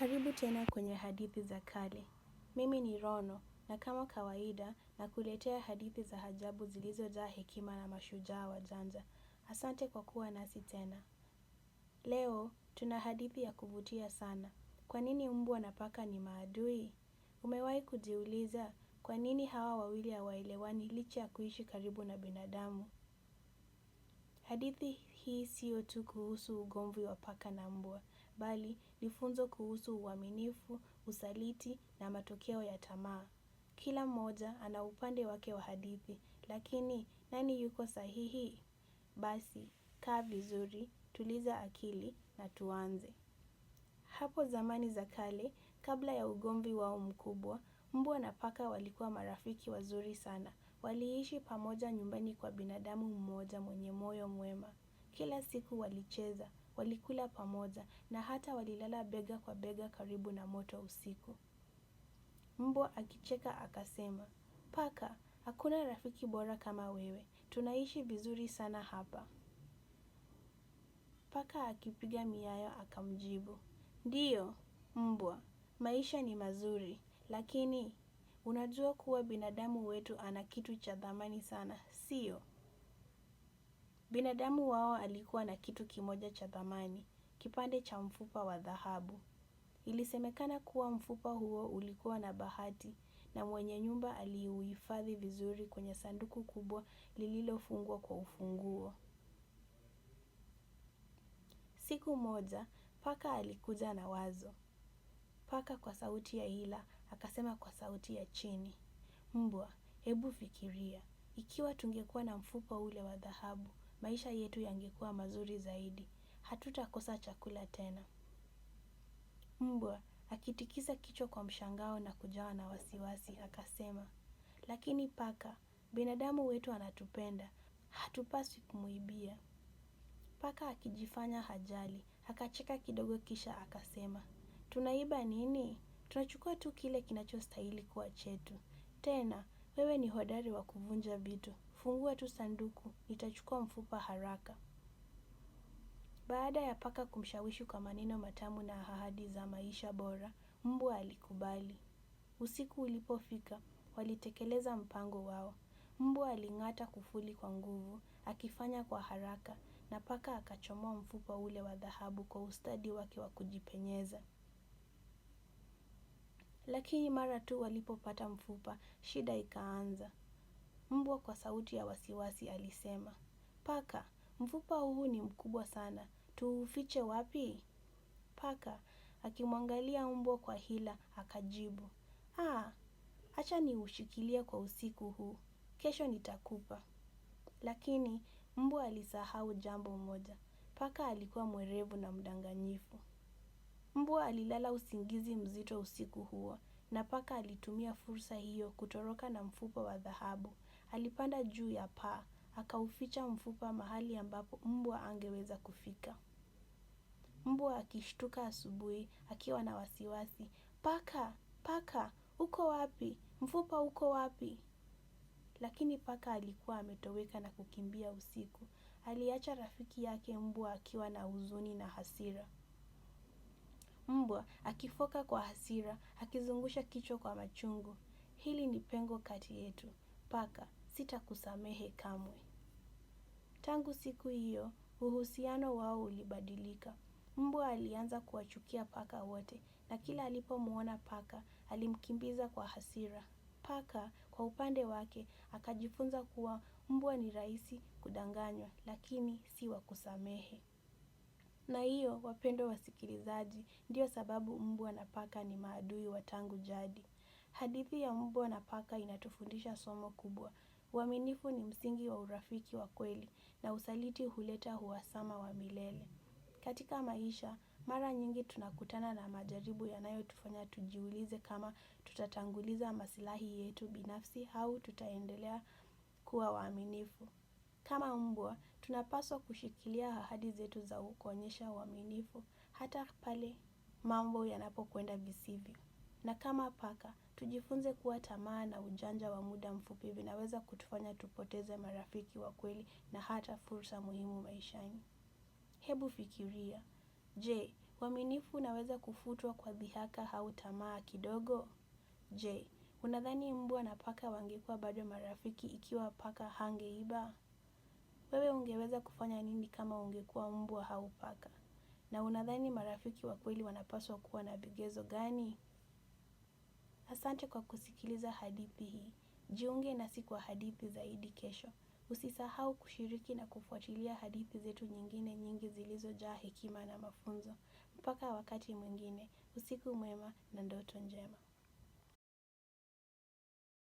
Karibu tena kwenye hadithi za kale. Mimi ni Rono, na kama kawaida, nakuletea hadithi za ajabu zilizojaa hekima na mashujaa wajanja. Asante kwa kuwa nasi tena. Leo, tuna hadithi ya kuvutia sana. Kwa nini mbwa na paka ni maadui? Umewahi kujiuliza, kwa nini hawa wawili hawaelewani licha ya kuishi karibu na binadamu? Hadithi hii siyo tu kuhusu ugomvi wa paka na mbwa, bali ni funzo kuhusu uaminifu, usaliti na matokeo ya tamaa. Kila mmoja ana upande wake wa hadithi, lakini nani yuko sahihi? Basi, kaa vizuri, tuliza akili na tuanze. Hapo zamani za kale, kabla ya ugomvi wao mkubwa, mbwa na paka walikuwa marafiki wazuri sana. Waliishi pamoja nyumbani kwa binadamu mmoja mwenye moyo mwema. Kila siku walicheza, walikula pamoja na hata walilala bega kwa bega karibu na moto usiku. Mbwa akicheka akasema, paka, hakuna rafiki bora kama wewe, tunaishi vizuri sana hapa. Paka akipiga miayo akamjibu, ndiyo, mbwa, maisha ni mazuri, lakini unajua kuwa binadamu wetu ana kitu cha thamani sana, sio? Binadamu wao alikuwa na kitu kimoja cha thamani, kipande cha mfupa wa dhahabu. Ilisemekana kuwa mfupa huo ulikuwa na bahati na mwenye nyumba aliuhifadhi vizuri kwenye sanduku kubwa lililofungwa kwa ufunguo. Siku moja, paka alikuja na wazo. Paka kwa sauti ya hila, akasema kwa sauti ya chini. Mbwa, hebu fikiria. Ikiwa tungekuwa na mfupa ule wa dhahabu, maisha yetu yangekuwa mazuri zaidi. Hatutakosa chakula tena. Mbwa, akitikisa kichwa kwa mshangao na kujawa na wasiwasi, akasema. Lakini paka, binadamu wetu anatupenda, hatupaswi kumwibia Paka akijifanya hajali, akacheka kidogo kisha akasema. Tunaiba nini? Tunachukua tu kile kinachostahili kuwa chetu. Tena, wewe ni hodari wa kuvunja vitu. Fungua tu sanduku, nitachukua mfupa haraka. Baada ya paka kumshawishi kwa maneno matamu na ahadi za maisha bora, mbwa alikubali. Usiku ulipofika, walitekeleza mpango wao. Mbwa aling'ata kufuli kwa nguvu, akifanya kwa haraka, na paka akachomoa mfupa ule wa dhahabu kwa ustadi wake wa kujipenyeza. Lakini mara tu walipopata mfupa, shida ikaanza. Mbwa kwa sauti ya wasiwasi alisema. Paka, mfupa huu ni mkubwa sana. Tuufiche wapi? Paka, akimwangalia mbwa kwa hila, akajibu. ah, acha niushikilie kwa usiku huu. Kesho nitakupa. Lakini, mbwa alisahau jambo moja. Paka alikuwa mwerevu na mdanganyifu. Mbwa alilala usingizi mzito usiku huo na paka alitumia fursa hiyo kutoroka na mfupa wa dhahabu Alipanda juu ya paa, akauficha mfupa mahali ambapo mbwa angeweza kufika. Mbwa akishtuka asubuhi, akiwa na wasiwasi. Paka, paka, uko wapi? Mfupa uko wapi? Lakini paka alikuwa ametoweka na kukimbia usiku. Aliacha rafiki yake mbwa akiwa na huzuni na hasira. Mbwa, akifoka kwa hasira, akizungusha kichwa kwa machungu. Hili ni pengo kati yetu. Paka, sitakusamehe kamwe. Tangu siku hiyo, uhusiano wao ulibadilika. Mbwa alianza kuwachukia paka wote na kila alipomwona paka, alimkimbiza kwa hasira. Paka, kwa upande wake, akajifunza kuwa mbwa ni rahisi kudanganywa, lakini si wa kusamehe. Na hiyo, wapendwa wasikilizaji, ndiyo sababu mbwa na paka ni maadui wa tangu jadi. Hadithi ya mbwa na paka inatufundisha somo kubwa Uaminifu ni msingi wa urafiki wa kweli na usaliti huleta uhasama wa milele. Katika maisha, mara nyingi tunakutana na majaribu yanayotufanya tujiulize kama tutatanguliza masilahi yetu binafsi au tutaendelea kuwa waaminifu. Kama mbwa, tunapaswa kushikilia ahadi zetu za kuonyesha uaminifu hata pale mambo yanapokwenda visivyo. Na kama paka, tujifunze kuwa tamaa na ujanja wa muda mfupi vinaweza kutufanya tupoteze marafiki wa kweli na hata fursa muhimu maishani. Hebu fikiria. Je, uaminifu unaweza kufutwa kwa dhihaka au tamaa kidogo? Je, unadhani mbwa na paka wangekuwa bado marafiki ikiwa paka hangeiba? Wewe ungeweza kufanya nini kama ungekuwa mbwa au paka? Na unadhani marafiki wa kweli wanapaswa kuwa na vigezo gani? Asante kwa kusikiliza hadithi hii. Jiunge nasi kwa hadithi zaidi kesho. Usisahau kushiriki na kufuatilia hadithi zetu nyingine nyingi zilizojaa hekima na mafunzo. Mpaka wakati mwingine, usiku mwema na ndoto njema.